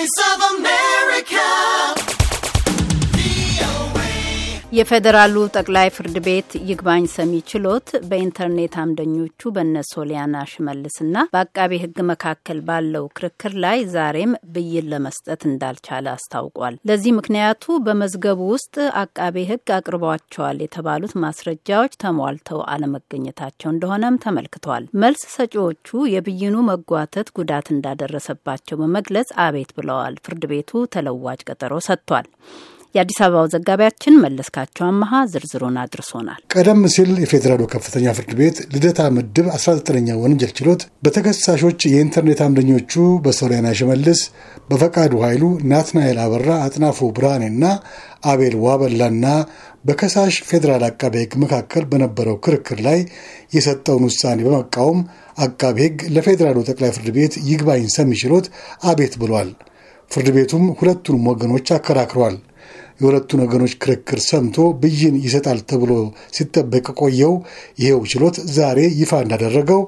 voice of የፌዴራሉ ጠቅላይ ፍርድ ቤት ይግባኝ ሰሚ ችሎት በኢንተርኔት አምደኞቹ በነ ሶሊያና ሽመልስና በአቃቤ ሕግ መካከል ባለው ክርክር ላይ ዛሬም ብይን ለመስጠት እንዳልቻለ አስታውቋል። ለዚህ ምክንያቱ በመዝገቡ ውስጥ አቃቤ ሕግ አቅርቧቸዋል የተባሉት ማስረጃዎች ተሟልተው አለመገኘታቸው እንደሆነም ተመልክቷል። መልስ ሰጪዎቹ የብይኑ መጓተት ጉዳት እንዳደረሰባቸው በመግለጽ አቤት ብለዋል። ፍርድ ቤቱ ተለዋጭ ቀጠሮ ሰጥቷል። የአዲስ አበባው ዘጋቢያችን መለስካቸው አመሃ ዝርዝሩን አድርሶናል። ቀደም ሲል የፌዴራሉ ከፍተኛ ፍርድ ቤት ልደታ ምድብ 19ኛ ወንጀል ችሎት በተከሳሾች የኢንተርኔት አምደኞቹ በሶሊያና ሽመልስ፣ በፈቃዱ ኃይሉ፣ ናትናኤል አበራ፣ አጥናፉ ብርሃኔና አቤል ዋበላና በከሳሽ ፌዴራል አቃቤ ሕግ መካከል በነበረው ክርክር ላይ የሰጠውን ውሳኔ በመቃወም አቃቤ ሕግ ለፌዴራሉ ጠቅላይ ፍርድ ቤት ይግባኝ ሰሚ ችሎት አቤት ብሏል። ፍርድ ቤቱም ሁለቱንም ወገኖች አከራክሯል። የሁለቱን ወገኖች ክርክር ሰምቶ ብይን ይሰጣል ተብሎ ሲጠበቅ ቆየው ይሄው ችሎት ዛሬ ይፋ እንዳደረገው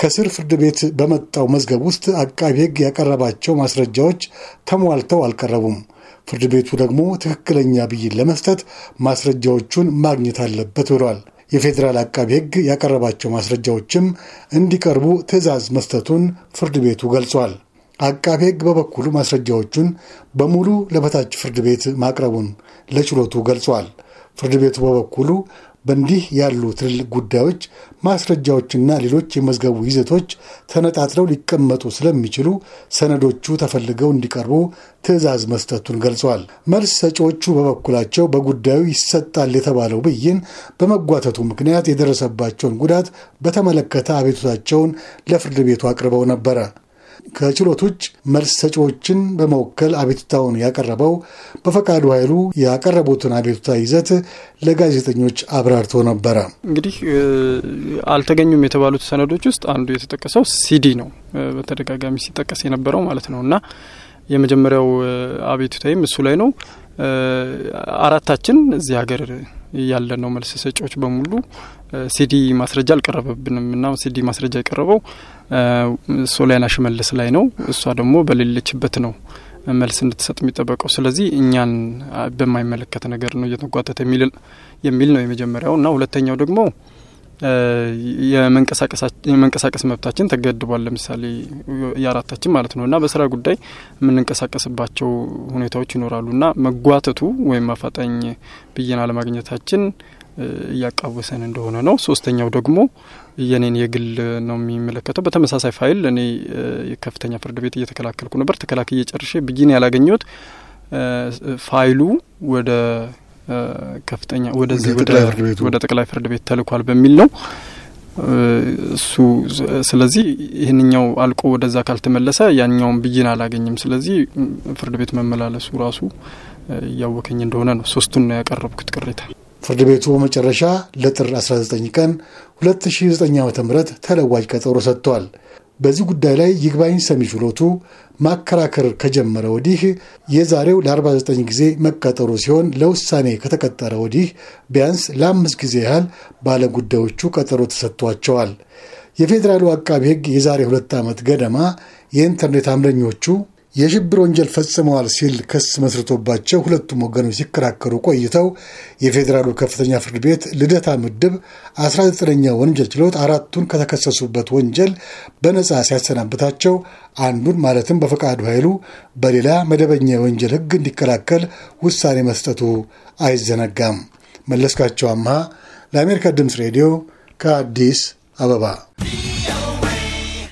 ከስር ፍርድ ቤት በመጣው መዝገብ ውስጥ አቃቢ ሕግ ያቀረባቸው ማስረጃዎች ተሟልተው አልቀረቡም። ፍርድ ቤቱ ደግሞ ትክክለኛ ብይን ለመስጠት ማስረጃዎቹን ማግኘት አለበት ብሏል። የፌዴራል አቃቢ ሕግ ያቀረባቸው ማስረጃዎችም እንዲቀርቡ ትዕዛዝ መስጠቱን ፍርድ ቤቱ ገልጿል። አቃቤ ሕግ በበኩሉ ማስረጃዎቹን በሙሉ ለበታች ፍርድ ቤት ማቅረቡን ለችሎቱ ገልጿል። ፍርድ ቤቱ በበኩሉ በእንዲህ ያሉ ትልልቅ ጉዳዮች ማስረጃዎችና ሌሎች የመዝገቡ ይዘቶች ተነጣጥረው ሊቀመጡ ስለሚችሉ ሰነዶቹ ተፈልገው እንዲቀርቡ ትዕዛዝ መስጠቱን ገልጿል። መልስ ሰጪዎቹ በበኩላቸው በጉዳዩ ይሰጣል የተባለው ብይን በመጓተቱ ምክንያት የደረሰባቸውን ጉዳት በተመለከተ አቤቱታቸውን ለፍርድ ቤቱ አቅርበው ነበረ። ከችሎት ውጭ መልስ ሰጪዎችን በመወከል አቤቱታውን ያቀረበው በፈቃዱ ኃይሉ ያቀረቡትን አቤቱታ ይዘት ለጋዜጠኞች አብራርቶ ነበረ። እንግዲህ አልተገኙም የተባሉት ሰነዶች ውስጥ አንዱ የተጠቀሰው ሲዲ ነው። በተደጋጋሚ ሲጠቀስ የነበረው ማለት ነው እና የመጀመሪያው አቤቱታይም እሱ ላይ ነው። አራታችን እዚህ ሀገር ያለነው መልስ ሰጪዎች በሙሉ ሲዲ ማስረጃ አልቀረበብንም እና ሲዲ ማስረጃ የቀረበው ሶሊያና ሽመልስ ላይ ነው። እሷ ደግሞ በሌለችበት ነው መልስ እንድትሰጥ የሚጠበቀው። ስለዚህ እኛን በማይመለከት ነገር ነው እየተጓተተ የሚል ነው የመጀመሪያው እና ሁለተኛው ደግሞ የመንቀሳቀስ መብታችን ተገድቧል። ለምሳሌ የአራታችን ማለት ነው እና በስራ ጉዳይ የምንንቀሳቀስባቸው ሁኔታዎች ይኖራሉ እና መጓተቱ ወይም አፋጣኝ ብይን አለማግኘታችን እያቃወሰን እንደሆነ ነው። ሶስተኛው ደግሞ የኔን የግል ነው የሚመለከተው። በተመሳሳይ ፋይል እኔ የከፍተኛ ፍርድ ቤት እየተከላከልኩ ነበር። ተከላክዬ ጨርሼ ብይን ያላገኘሁት ፋይሉ ወደ ከፍተኛ ወደዚህ ወደ ጠቅላይ ፍርድ ቤት ተልኳል በሚል ነው እሱ። ስለዚህ ይህንኛው አልቆ ወደዛ ካልተመለሰ ያኛውን ብይን አላገኝም። ስለዚህ ፍርድ ቤት መመላለሱ ራሱ እያወከኝ እንደሆነ ነው ሶስቱን ነው ያቀረብኩት ቅሬታ። ፍርድ ቤቱ መጨረሻ ለጥር 19 ቀን 2009 ዓ ም ተለዋጅ ቀጠሮ ሰጥቷል። በዚህ ጉዳይ ላይ ይግባኝ ሰሚ ችሎቱ ማከራከር ከጀመረ ወዲህ የዛሬው ለ49 ጊዜ መቀጠሩ ሲሆን ለውሳኔ ከተቀጠረ ወዲህ ቢያንስ ለአምስት ጊዜ ያህል ባለጉዳዮቹ ቀጠሮ ተሰጥቷቸዋል። የፌዴራሉ አቃቢ ሕግ የዛሬ ሁለት ዓመት ገደማ የኢንተርኔት አምረኞቹ የሽብር ወንጀል ፈጽመዋል ሲል ክስ መስርቶባቸው ሁለቱም ወገኖች ሲከራከሩ ቆይተው የፌዴራሉ ከፍተኛ ፍርድ ቤት ልደታ ምድብ 19ኛ ወንጀል ችሎት አራቱን ከተከሰሱበት ወንጀል በነፃ ሲያሰናብታቸው አንዱን ማለትም በፈቃዱ ኃይሉ በሌላ መደበኛ የወንጀል ሕግ እንዲከላከል ውሳኔ መስጠቱ አይዘነጋም። መለስካቸው አምሃ ለአሜሪካ ድምፅ ሬዲዮ ከአዲስ አበባ